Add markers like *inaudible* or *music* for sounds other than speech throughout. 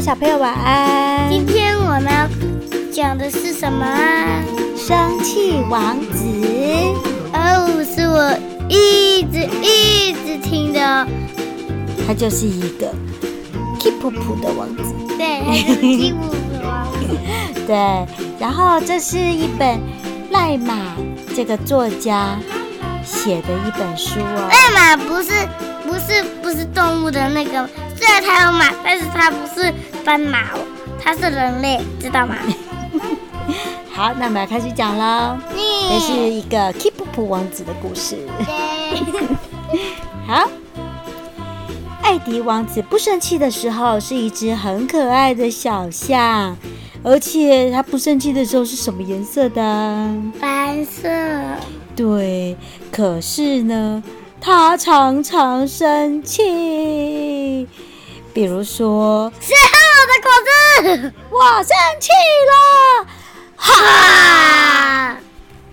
小朋友晚安。今天我們要講的是什麼啊？生氣王子。哦，oh, 是我一直一直聽的哦。他就是一個 keep 呼的王子。對，keep 呼的王子。 *laughs* 對，然後這是一本賴馬這個作家寫的一本書哦。賴馬不是不是不是動物的那個。對，雖然他是馬，但是他不是斑馬，他是人類，知道嗎？ *laughs* 好，那我們要開始講嘍。嗯、這是一個 Keep Up 王子的故事。嗯、 *laughs* 好，艾迪王子不生氣的時候是一隻很可愛的小象，而且他不生氣的時候是什麼顏色的？白色。對，可是呢，他常常生氣。比如說，誰碰我的果汁？我生氣了，哈！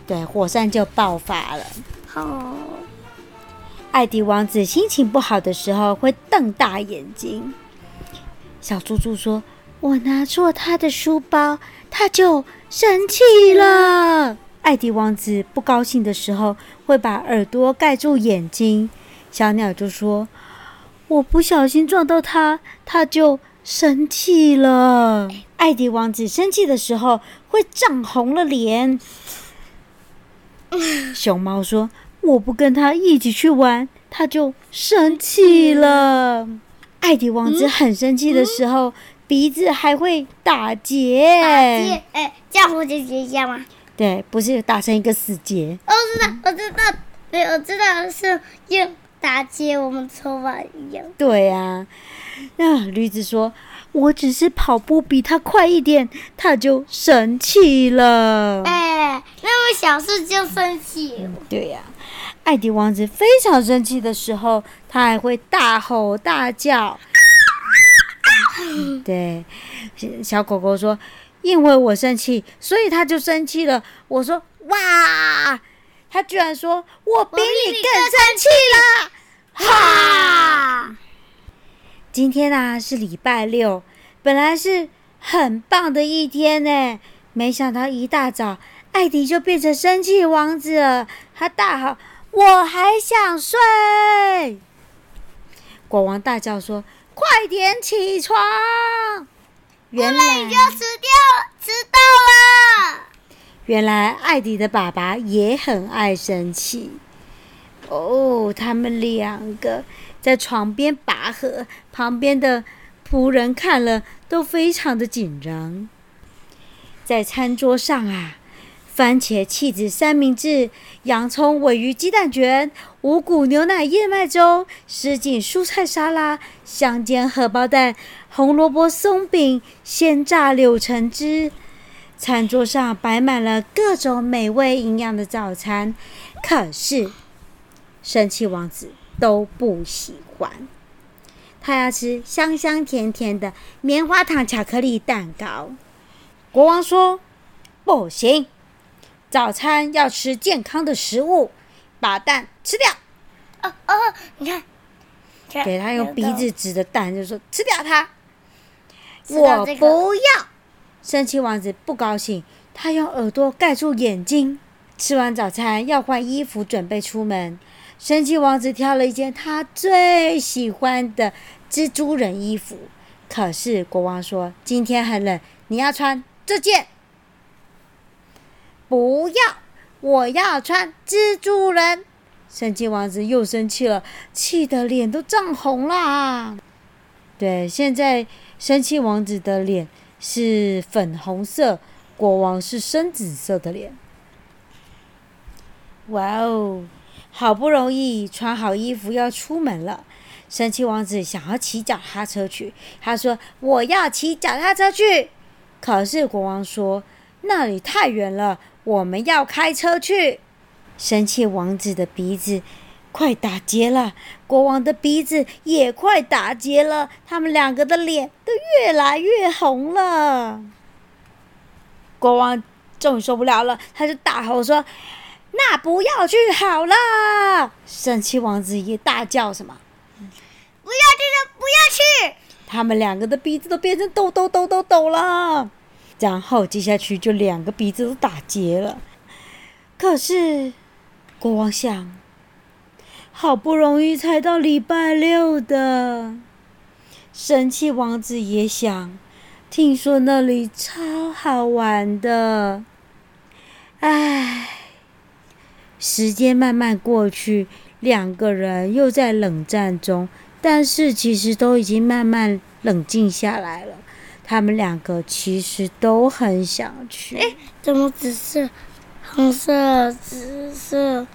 對，火山就爆發了。好，艾迪王子心情不好的時候會瞪大眼睛。小豬豬說：“我拿錯他的書包，他就生氣了。”艾迪王子不高興的時候會把耳朵蓋住眼睛。小鳥就說。我不小心撞到他，他就生氣了。艾迪王子生氣的時候會漲紅了臉。熊、嗯、貓說：“我不跟他一起去玩，他就生氣了。嗯”艾迪王子很生氣的時候，嗯、鼻子還會打結。啊、哎，叫鬍子一下嘛。對，不是打成一個死結。哦，我知道，我知道，對、嗯，我知道，我知道是用。打劫我們抽板一樣。對呀、啊，那驢子說：“我只是跑步比他快一點，他就生氣了。”哎、欸，那麼、個、小事就生氣、嗯。對呀、啊，艾迪王子非常生氣的時候，他還會大吼大叫。啊啊嗯、對，小狗狗說：“因為我生氣，所以他就生氣了。”我說：“哇！”他居然說：“我比你更生氣啦！”哈！啊、今天啊是禮拜六，本來是很棒的一天呢，沒想到一大早艾迪就變成生氣王子了。他大喊：“我還想睡！”國王大叫說：“快點起床！”原來已經遲掉了，遲到了。原來艾迪的爸爸也很愛生氣哦。Oh, 他們兩個在床邊拔河，旁邊的僕人看了都非常的緊張。在餐桌上啊，番茄、茄子、三明治、洋蔥、鮪魚、雞蛋卷、五穀牛奶燕麥粥、什錦蔬菜沙拉、香煎荷包蛋、紅蘿蔔鬆餅、鮮榨柳橙汁。餐桌上擺滿了各種美味營養的早餐，可是生氣王子都不喜歡。他要吃香香甜甜的棉花糖巧克力蛋糕。國王說：“不行，早餐要吃健康的食物，把蛋吃掉。”哦哦哦，你看，給他用鼻子指着蛋，就說：“吃掉它。”我不要。生氣王子不高興，他用耳朵蓋住眼睛。吃完早餐要換衣服，準備出門。生氣王子挑了一件他最喜歡的蜘蛛人衣服，可是國王說：“今天很冷，你要穿這件。”“不要，我要穿蜘蛛人。”生氣王子又生氣了，氣得臉都漲紅了。對，現在生氣王子的臉。是粉紅色，國王是深紫色的臉。哇哦，好不容易穿好衣服要出門了，生氣王子想要騎腳踏車去。他說：“我要騎腳踏車去。”可是國王說：“那裡太遠了，我們要開車去。”生氣王子的鼻子快打結了！國王的鼻子也快打結了，他們兩個的臉都越來越紅了。國王終於受不了了，他就大吼說：“那不要去好了！”生氣王子也大叫：“什麼？不要去！不要去！”他們兩個的鼻子都變成抖抖抖抖抖了。然後接下去就兩個鼻子都打結了。可是，國王想。好不容易才到禮拜六的，生氣王子也想，聽說那裡超好玩的。唉，時間慢慢過去，兩個人又在冷戰中，但是其實都已經慢慢冷靜下來了。他們兩個其實都很想去。哎，怎麼紫色、紅色、紫色、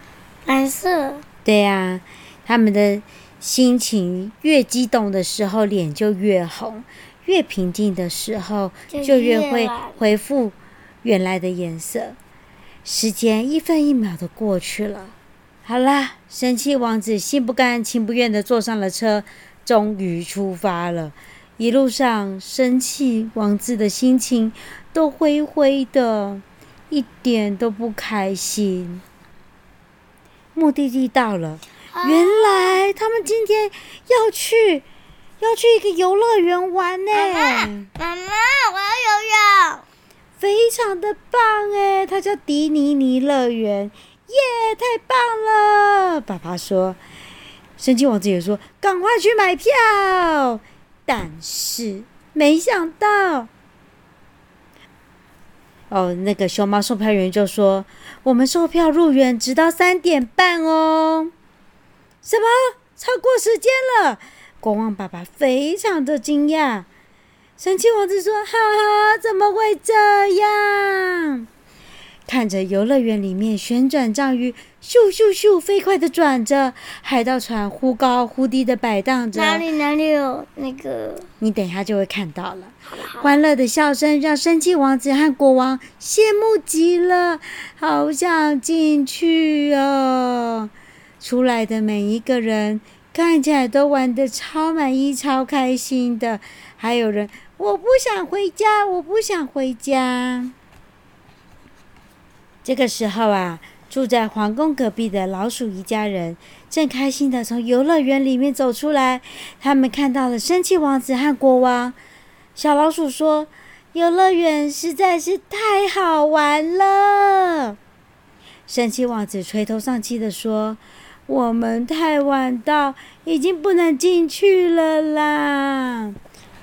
藍色？對呀、啊，他們的心情越激動的時候，臉就越紅；越平靜的時候，就越會恢復原來的顏色。時間一分一秒的過去了。好啦，生氣王子心不甘情不願的坐上了車，終於出發了。一路上，生氣王子的心情都灰灰的，一點都不開心。目的地到了，原來他們今天要去要去一個遊樂園玩呢。媽媽，媽媽，我要游泳。非常的棒哎，他叫迪尼尼樂園，耶，yeah，太棒了！爸爸說，生氣王子也說，趕快去買票。但是沒想到。哦，那個熊貓售票員就說：“我們售票入園直到三點半哦。”什麼？超過時間了！國王爸爸非常的驚訝，生氣王子說：“哈哈，怎麼會這樣？”看着遊樂園裡面旋轉章魚。咻咻咻！飛快地轉着，海盜船忽高忽低地擺盪着哪。哪裡哪裡有那個？你等一下就會看到了。歡樂的笑聲讓生氣王子和國王羨慕極了，好想進去哦！出來的每一個人看起來都玩得超滿意、超開心的，還有人我不想回家，我不想回家。這個時候啊。住在皇宮隔壁的老鼠一家人正開心地從遊樂園裡面走出來，他們看到了生氣王子和國王。小老鼠說：“遊樂園實在是太好玩了。”生氣王子垂頭喪氣地說：“我們太晚到，已經不能進去了啦。”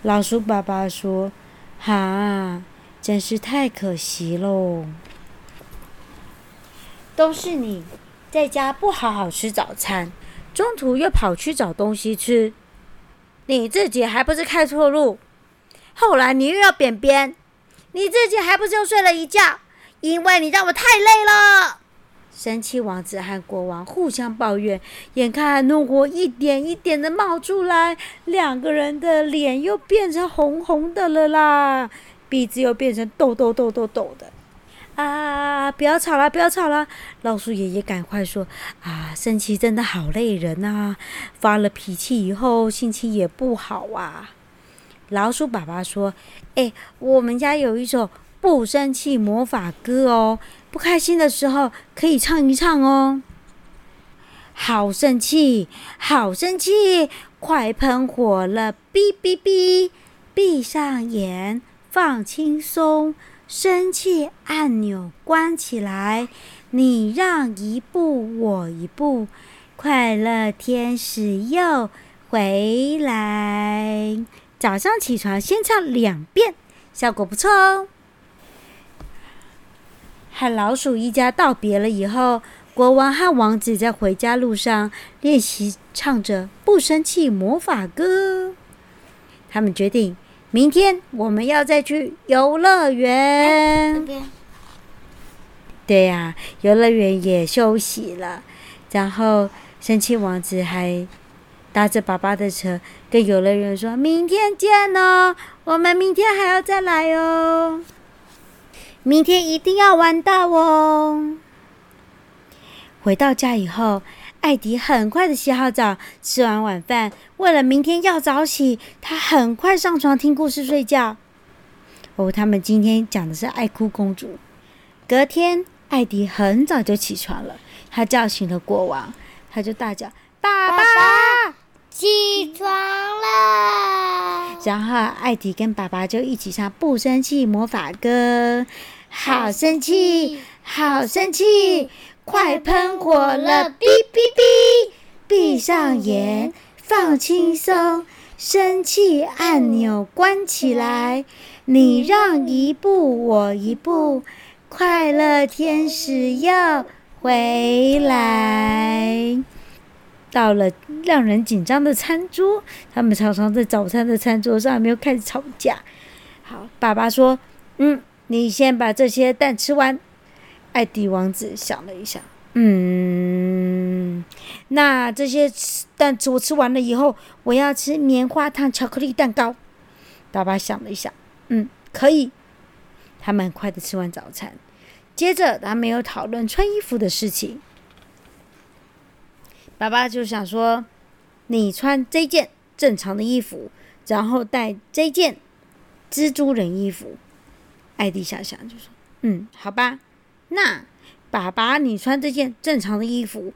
老鼠爸爸說：“哈、啊，真是太可惜嘍。”都是你，在家不好好吃早餐，中途又跑去找東西吃，你自己還不是開錯路？後來你又要扁扁，你自己還不是又睡了一覺？因為你讓我太累了。生氣王子和國王互相抱怨，眼看怒火一點一點的冒出來，兩個人的臉又變成紅紅的了啦，鼻子又變成痘痘痘痘痘的。啊！不要吵了，不要吵了！老鼠爺爺趕快說啊，生氣真的好累人吶，啊，發了脾氣以後心情也不好啊。老鼠爸爸說：“哎，我們家有一首不生氣魔法歌哦，不開心的時候可以唱一唱哦。”好生氣，好生氣，快噴火了！嗶嗶嗶，閉上眼，放輕鬆。生氣按鈕關起來，你讓一步，我一步，快樂天使又回來。早上起床先唱兩遍，效果不錯哦。和老鼠一家道別了以後，國王和王子在回家路上練習唱着不生氣魔法歌。他們決定。明天我們要再去遊樂園。對呀、啊，遊樂園也休息了。然後，生氣王子還搭着爸爸的車，跟遊樂園說：“明天見哦，我們明天還要再來哦，明天一定要玩到哦。”回到家以後。艾迪很快的洗好澡，吃完晚飯，為了明天要早起，他很快上床聽故事睡覺。哦，他們今天講的是《愛哭公主》。隔天，艾迪很早就起床了，他叫醒了國王，他就大叫：“爸爸，爸爸起床了！”然後艾迪跟爸爸就一起唱《不生氣魔法歌》，好生氣，好生氣。快噴火了！嗶嗶嗶！閉上眼，放輕鬆，生氣按鈕關起來。你讓一步，我一步，快樂天使又回來。到了讓人緊張的餐桌，他們常常在早餐的餐桌上還沒有開始吵架。好，爸爸說：“嗯，你先把這些蛋吃完。”艾迪王子想了一下，嗯，那這些吃蛋，但我吃完了以後，我要吃棉花糖巧克力蛋糕。爸爸想了一下，嗯，可以。他們很快的吃完早餐，接着他們又討論穿衣服的事情。爸爸就想說，你穿這件正常的衣服，然後帶這件蜘蛛人衣服。艾迪想想就說，嗯，好吧。那，爸爸，你穿這件正常的衣服，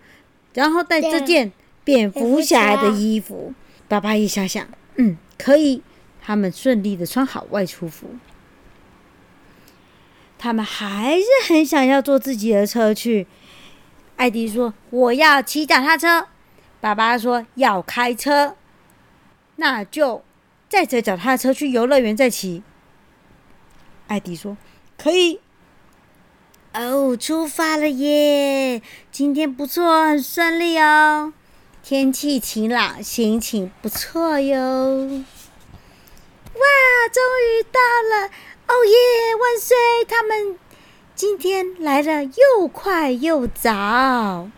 然後帶這件蝙蝠俠的衣服。嗯嗯、爸爸一想想，嗯，可以。他們順利的穿好外出服。他們還是很想要坐自己的車去。艾迪說：“我要騎腳踏車。”爸爸說：“要開車。”那就載著腳踏車去遊樂園再騎。艾迪說：“可以。”哦，oh, 出發了耶！今天不錯，很順利哦。天氣晴朗，心情不錯喲。哇，終於到了！哦耶，萬歲！他們今天來得又快又早，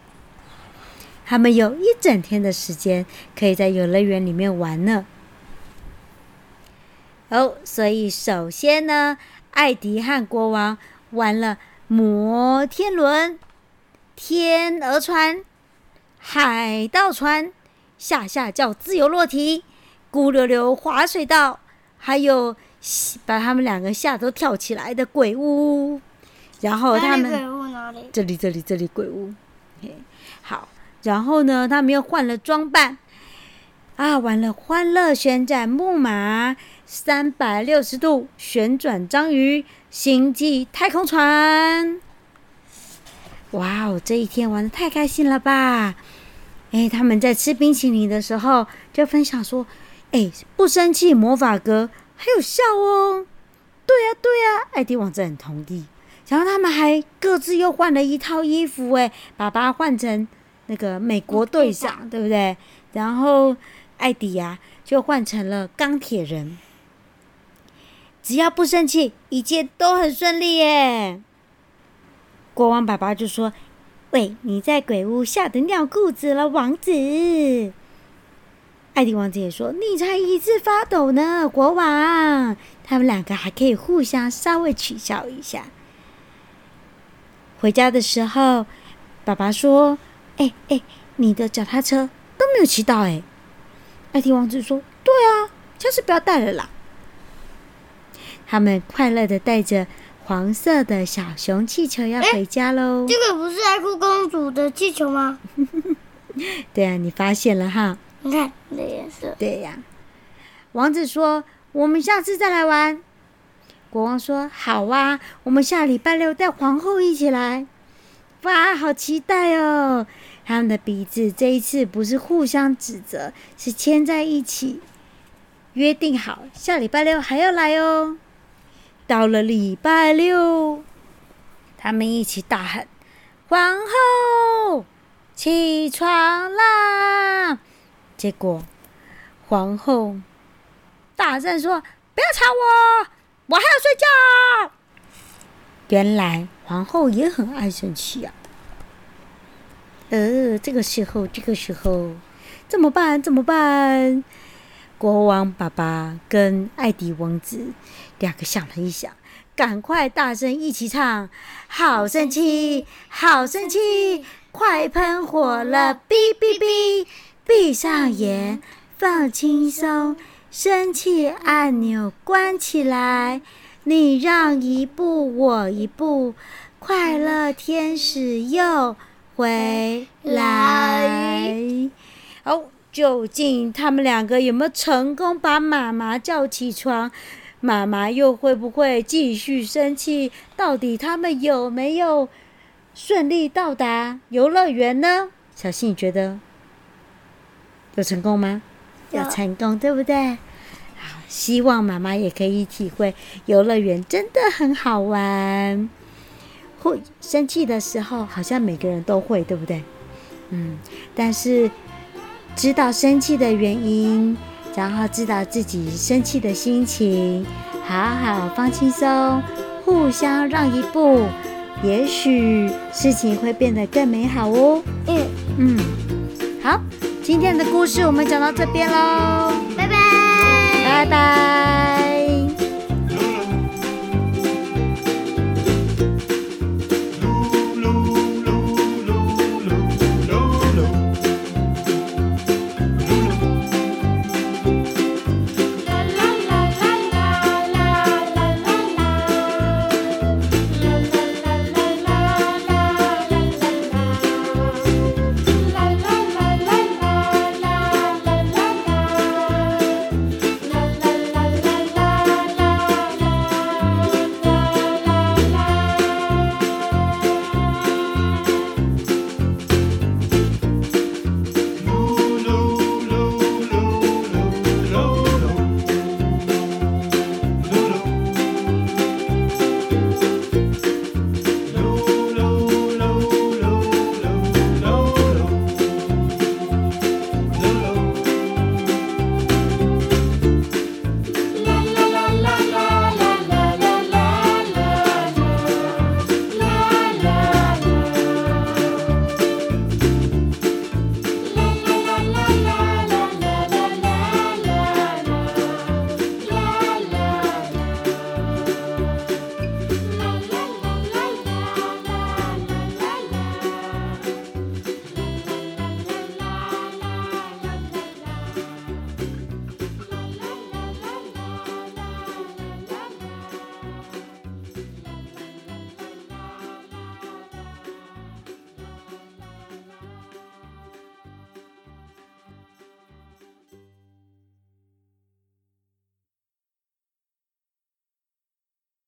他們有一整天的時間可以在遊樂園裡面玩呢。哦、oh,，所以首先呢，艾迪和國王玩了。摩天輪、天鵝船、海盜船，下下叫自由落體，咕溜溜滑水道，還有把他們兩個嚇得都跳起來的鬼屋。然後他們這裡這裡這裡鬼屋，好。然後呢，他們又換了裝扮，啊，玩了！歡樂旋轉木馬。三百六十度旋轉章魚、星際太空船，哇哦！這一天玩得太開心了吧？誒、欸，他們在吃冰淇淋的時候就分享說：“誒、欸，不生氣魔法哥，很有效哦。對啊”對呀，對呀，艾迪王子很同意。然後他們還各自又換了一套衣服、欸，誒，爸爸換成那個美國隊長，Okay. 對不對？然後艾迪呀、啊，就換成了鋼鐵人。只要不生氣，一切都很順利耶。國王爸爸就說：“喂，你在鬼屋嚇得尿褲子了，王子。”艾迪王子也說：“你才一直發抖呢，國王。”他們兩個還可以互相稍微取笑一下。回家的時候，爸爸說：“哎、哎，你的腳踏車都沒有騎到哎。”艾迪王子說：“對啊，下次不要帶了啦。”他們快樂地帶着黃色的小熊氣球要回家嘍。這個不是愛哭公主的氣球嗎？ *laughs* 對啊，你發現了哈。你看，你的顏色。對呀、啊。王子說：“我們下次再來玩。”國王說：“好哇、啊，我們下禮拜六帶皇後一起來。”哇，好期待哦！他們的鼻子這一次不是互相指責，是牽在一起，約定好下禮拜六還要來哦。到了禮拜六，他們一起大喊：“皇後，起床啦！”結果，皇後大聲說：“不要吵我，我還要睡覺。”原來皇後也很愛生氣呀。呃，這個時候，這個時候，怎麼辦？怎麼辦？國王爸爸跟艾迪王子兩個想了一想，趕快大聲一起唱：好生氣，好生氣，快噴火了！嗶嗶嗶，閉上眼，放輕鬆，生氣按鈕關起來，你讓一步，我一步，快樂天使又回來。好。究竟他們兩個有沒有成功把媽媽叫起床？媽媽又會不會繼續生氣？到底他們有沒有順利到達遊樂園呢？小新，你覺得有成功嗎？有成功，對不對？好，希望媽媽也可以體會遊樂園真的很好玩。會生氣的時候，好像每個人都會，對不對？嗯，但是。知道生氣的原因，然後知道自己生氣的心情，好好放輕鬆，互相讓一步，也許事情會變得更美好哦。嗯嗯，好，今天的故事我們講到這邊囉，拜拜，拜拜。